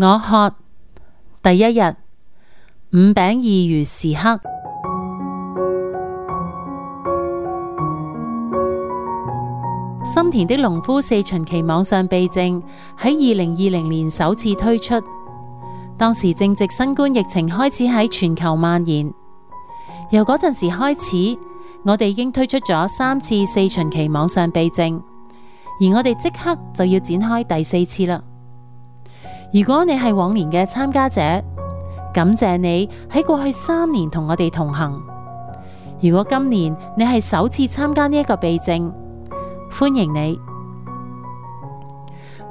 我渴，第一日五餅二魚時刻，心田的農夫四旬期網上避靜，喺二零二零年首次推出，當時正值新冠疫情開始喺全球蔓延。由嗰陣時開始，我哋已經推出咗三次四旬期網上避靜，而我哋即刻就要展開第四次啦。如果你係往年嘅參加者，感謝你喺過去三年同我哋同行。如果今年你係首次參加呢一個避靜，歡迎你。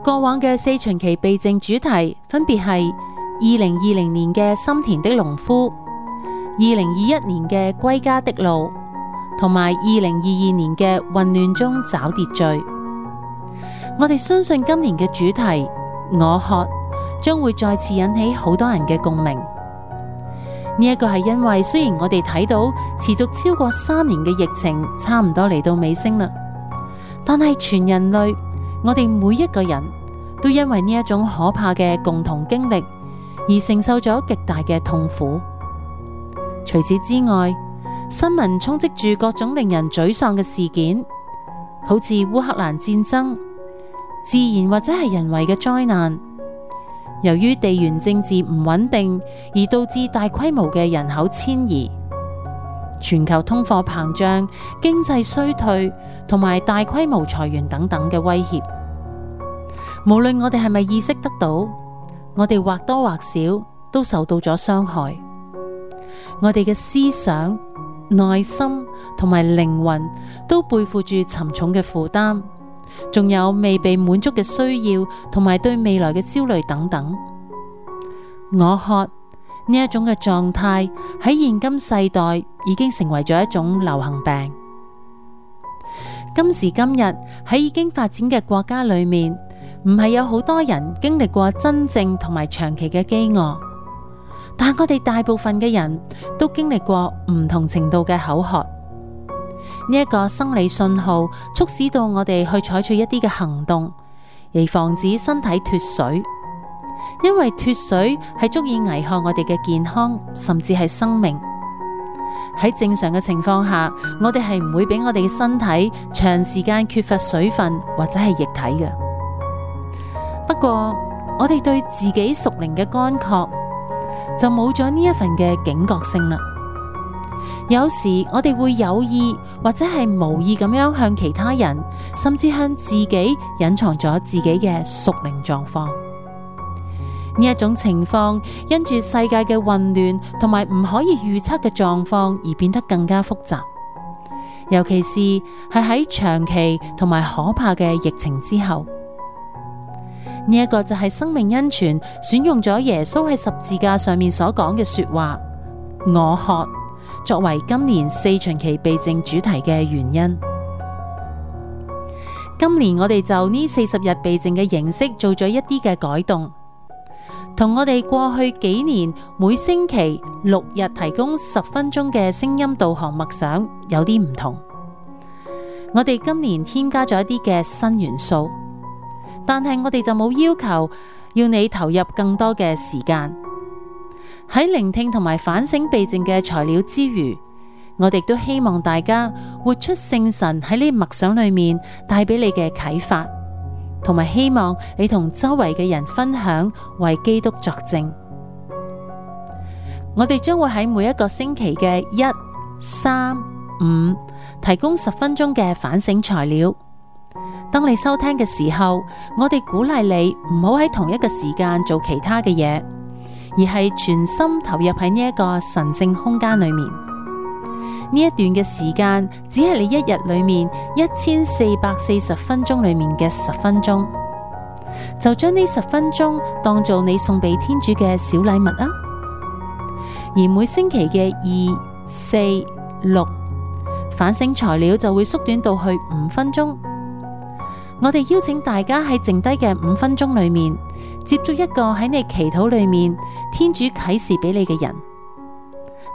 過往嘅四旬期避靜主題分別係二零二零年嘅心田的農夫，二零二一年嘅歸家的路，同埋二零二二年嘅混亂中找秩序。我哋相信今年嘅主題我渴，將會再次引起好多人嘅共鳴。呢一個係因為雖然我哋睇到持續超過三年嘅疫情差唔多嚟到尾聲啦，但係全人類，我哋每一個人都因為呢一種可怕嘅共同經歷而承受咗極大嘅痛苦。除此之外，新聞充斥住各種令人沮喪嘅事件，好似烏克蘭戰爭、自然或者係人為嘅災難。由於地緣政治唔穩定，而導致大規模嘅人口遷移、全球通貨膨脹、經濟衰退同埋大規模裁員等等嘅威脅。無論我哋係咪意識得到，我哋或多或少都受到咗傷害。我哋嘅思想、內心同埋靈魂都背負住沉重嘅負擔。仲有未被滿足嘅需要，同埋對未來嘅焦慮等等。我渴呢一種嘅狀態喺現今世代已經成為咗一種流行病。今時今日，喺已經發展嘅國家裏面，唔係有好多人經歷過真正同埋長期嘅飢餓，但係我哋大部分嘅人都經歷過唔同程度嘅口渴。呢一個生理信號促使到我哋去採取一啲嘅行動，嚟防止身體脫水。因為脫水係足以危害我哋嘅健康，甚至係生命。喺正常嘅情況下，我哋係唔會俾我哋嘅身體長時間缺乏水分或者係液體嘅。不過，我哋對自己屬靈嘅乾涸就冇咗呢一份嘅警覺性啦。有時我哋會有意或者係無意咁樣向其他人，甚至向自己隱藏咗自己嘅屬靈狀況。呢一種情況因住世界嘅混亂同埋唔可以預測嘅狀況而變得更加複雜，尤其是係喺長期同埋可怕嘅疫情之後。呢、這、一個就係生命恩泉選用咗耶穌喺十字架上面所講嘅說話：我渴。作為今年四旬期避靜主題嘅原因。今年我哋就呢四十日避靜嘅形式做咗一啲嘅改動，同我哋過去幾年每星期六日提供十分鐘嘅聲音導航默想有啲唔同。我哋今年添加咗一啲嘅新元素，但係我哋就冇要求要你投入更多嘅時間。喺聆聽同埋反省避靜嘅材料之餘，我哋都希望大家活出聖神喺呢默想裏面帶俾你嘅啟發，同埋希望你同周圍嘅人分享，為基督作證。我哋將會喺每一個星期嘅一、三、五提供十分鐘嘅反省材料。當你收聽嘅時候，我哋鼓勵你唔好喺同一個時間做其他嘅嘢。而係全心投入喺呢一個神聖空間裏面，呢一段嘅時間只係你一日裏面一千四百四十分鐘裏面嘅十分鐘，就將呢十分鐘當做你送俾天主嘅小禮物啊！而每星期嘅二、四、六反省材料就會縮短到去五分鐘，我哋邀請大家喺剩低嘅五分鐘裏面，接觸一個喺你祈禱裏面天主啟示俾你嘅人，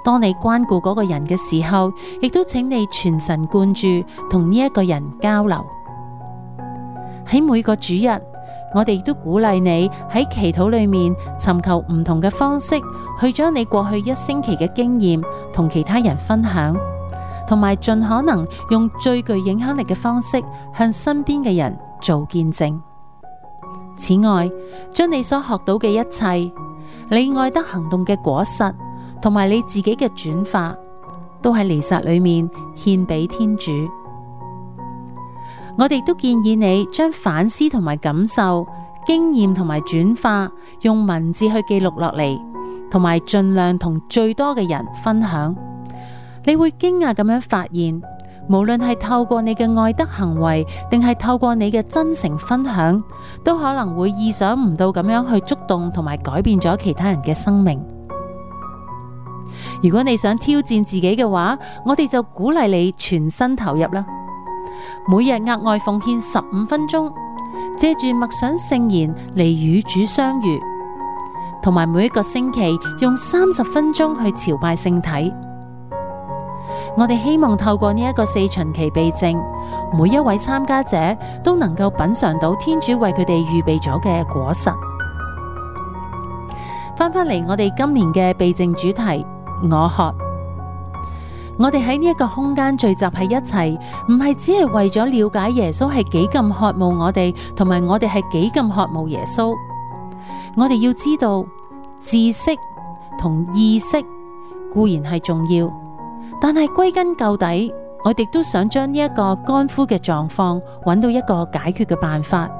當你關顧嗰個人嘅時候，亦都請你全神貫注同呢一個人交流。喺每個主日，我哋亦都鼓勵你喺祈禱裏面尋求唔同嘅方式，去將你過去一星期嘅經驗同其他人分享，同埋盡可能用最具影響力嘅方式向身邊嘅人做見證。此外，將你所學到嘅一切，你愛德行動嘅果實，同埋你自己嘅轉化，都喺彌撒裏面獻俾天主。我哋都建議你將反思同埋感受、經驗同埋轉化，用文字去記錄落嚟，同埋盡量同最多嘅人分享。你會驚訝咁樣發現。無論係透過你嘅愛德行為，定係透過你嘅真誠分享，都可能會意想唔到咁樣去觸動同埋改變咗其他人嘅生命。如果你想挑戰自己嘅話，我哋就鼓勵你全身投入啦。每日額外奉獻十五分鐘，借住默想聖言嚟與主相遇，同埋每一個星期用三十分鐘去朝拜聖體。我哋希望透過呢一個四旬期避靜，每一位參加者都能夠品嘗到天主為佢哋預備咗嘅果實。翻返嚟，我哋今年嘅避靜主題，我渴。我哋喺呢一個空間聚集喺一齊，唔係只係為咗了，了解耶穌係幾咁渴慕我哋，同埋我哋係幾咁渴慕耶穌。我哋要知道，知識同意識固然係重要。但係歸根究底，我哋都想將呢一個乾枯嘅狀況，揾到一個解決嘅辦法，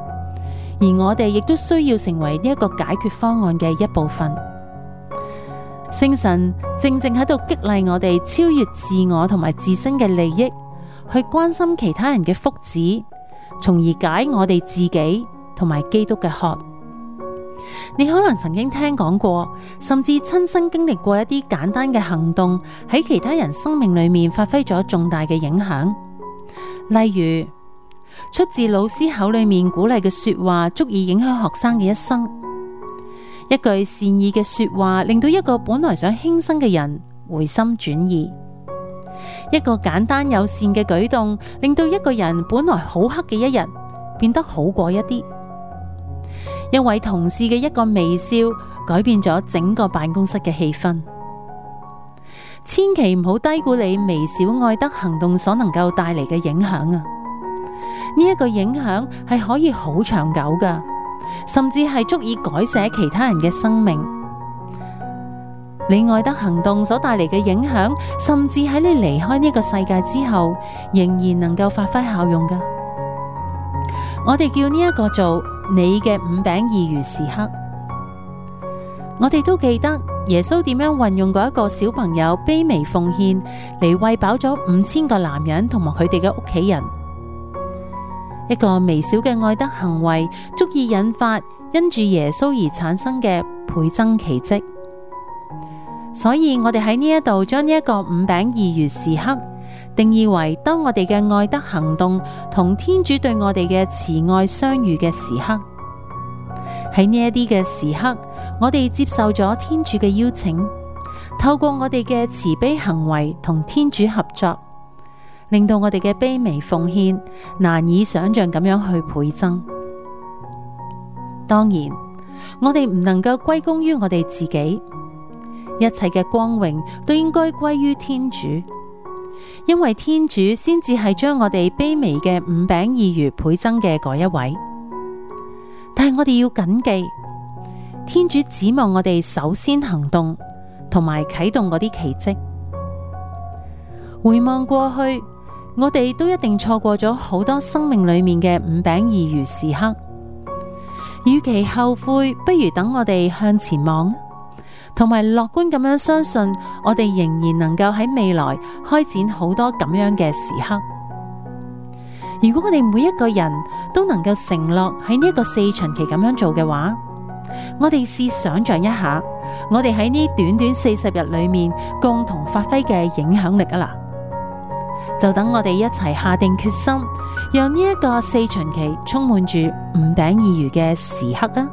而我哋亦都需要成為呢一個解決方案嘅一部分。聖神正正喺度激勵我哋超越自我同埋自身嘅利益，去關心其他人嘅福祉，從而解我哋自己同埋基督嘅渴。你可能曾經聽講過，甚至親身經歷過一啲簡單嘅行動，喺其他人生命裏面發揮咗重大嘅影響。例如，出自老師口裏面鼓勵嘅說話，足以影響學生嘅一生。一句善意嘅說話，令到一個本來想輕生嘅人回心轉意。一個簡單友善嘅舉動，令到一個人本來好黑嘅一日變得好過一啲。一位同事嘅一個微笑，改變咗整個辦公室嘅氣氛。千祈唔好低估你微小愛德行動所能夠帶嚟嘅影響啊！呢一個影響係可以好長久噶，甚至係足以改寫其他人嘅生命。你愛德行動所帶嚟嘅影響，甚至喺你離開呢個世界之後，仍然能夠發揮效用噶。我哋叫呢一個做。你嘅五餅二魚時刻，我哋都記得耶穌點樣運用過一個小朋友卑微奉獻嚟餵飽咗五千個男人同埋佢哋嘅屋企人。一個微小嘅愛德行為，足以引發因住耶穌而產生嘅倍增奇迹。所以，我哋喺呢一度將呢一個五餅二魚時刻，定義為當我哋嘅愛德行動同天主對我哋嘅慈愛相遇嘅時刻，喺呢一啲嘅時刻，我哋接受咗天主嘅邀請，透過我哋嘅慈悲行為同天主合作，令到我哋嘅卑微奉獻難以想象咁樣去倍增。當然，我哋唔能夠歸功於我哋自己，一切嘅光榮都應該歸於天主。因為天主先至係將我哋卑微嘅五餅二魚倍增嘅嗰一位，但係我哋要謹記，天主指望我哋首先行動，同埋啟動嗰啲奇蹟。回望過去，我哋都一定錯過咗好多生命裏面嘅五餅二魚時刻。與其後悔，不如等我哋向前望，同埋樂觀咁樣相信，我哋仍然能夠喺未來開展好多咁樣嘅時刻。如果我哋每一個人都能夠承諾喺呢一個四旬期咁樣做嘅話，我哋試想象一下，我哋喺呢短短四十日裏面共同發揮嘅影響力啊啦，就等我哋一齊下定決心，讓呢一個四旬期充滿住五餅二魚嘅時刻啊！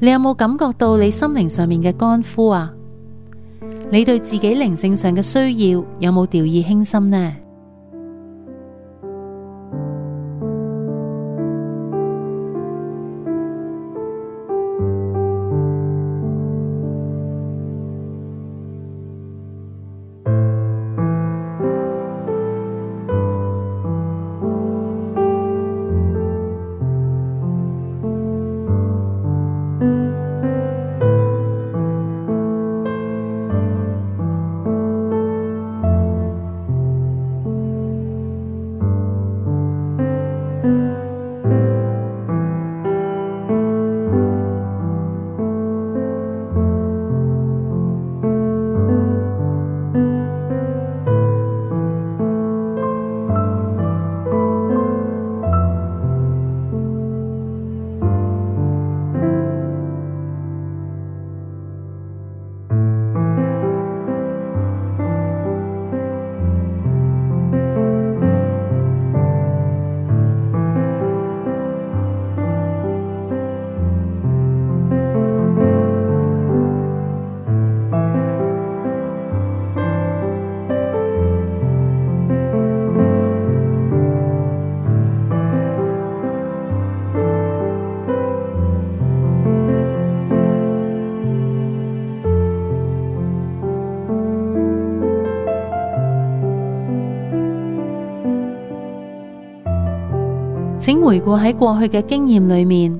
你有冇感覺到你心靈上面嘅乾枯啊？你對自己靈性上嘅需要有冇掉以輕心呢？請回顧喺過去嘅經驗裏面，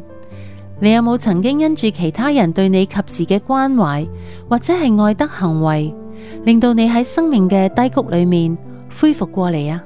你有冇曾經因住其他人對你及時嘅關懷，或者係愛德行為，令到你喺生命嘅低谷裏面恢復過嚟啊？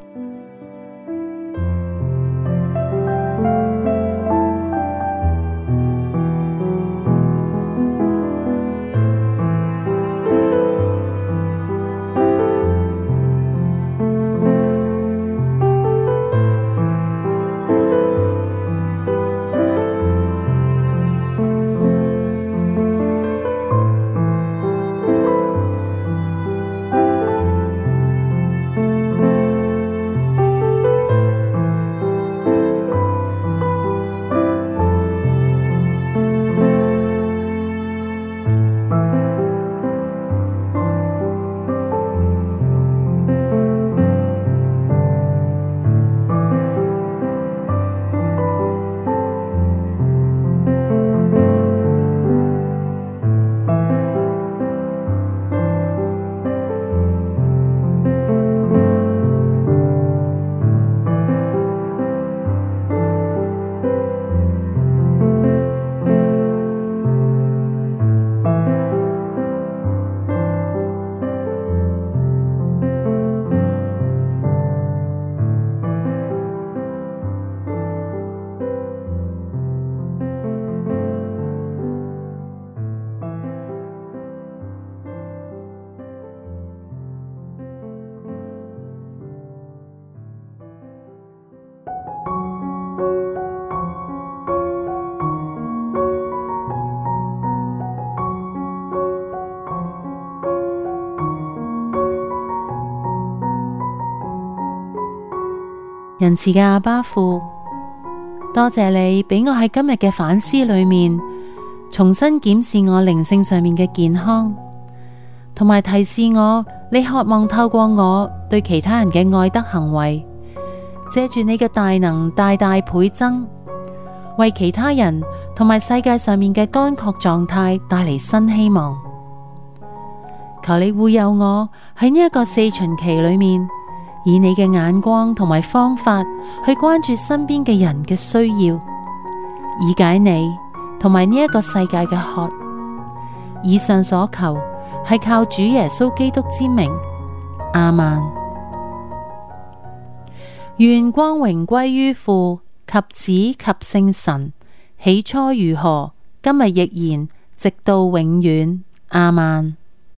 仁慈嘅阿巴父，多謝你俾我喺今日嘅反思裏面，重新檢視我靈性上面嘅健康，同埋提示我，你渴望透過我對其他人嘅愛德行為，借住你嘅大能大大倍增，為其他人同埋世界上面嘅乾涸狀態帶嚟新希望。求你護佑我喺呢一個四旬期裏面。以你嘅眼光同埋方法去關注身邊嘅人嘅需要，以解你同埋呢一個世界嘅渴。以上所求係靠主耶穌基督之名，阿曼。願光榮歸於父及子及聖神，起初如何，今日亦然，直到永遠，阿曼。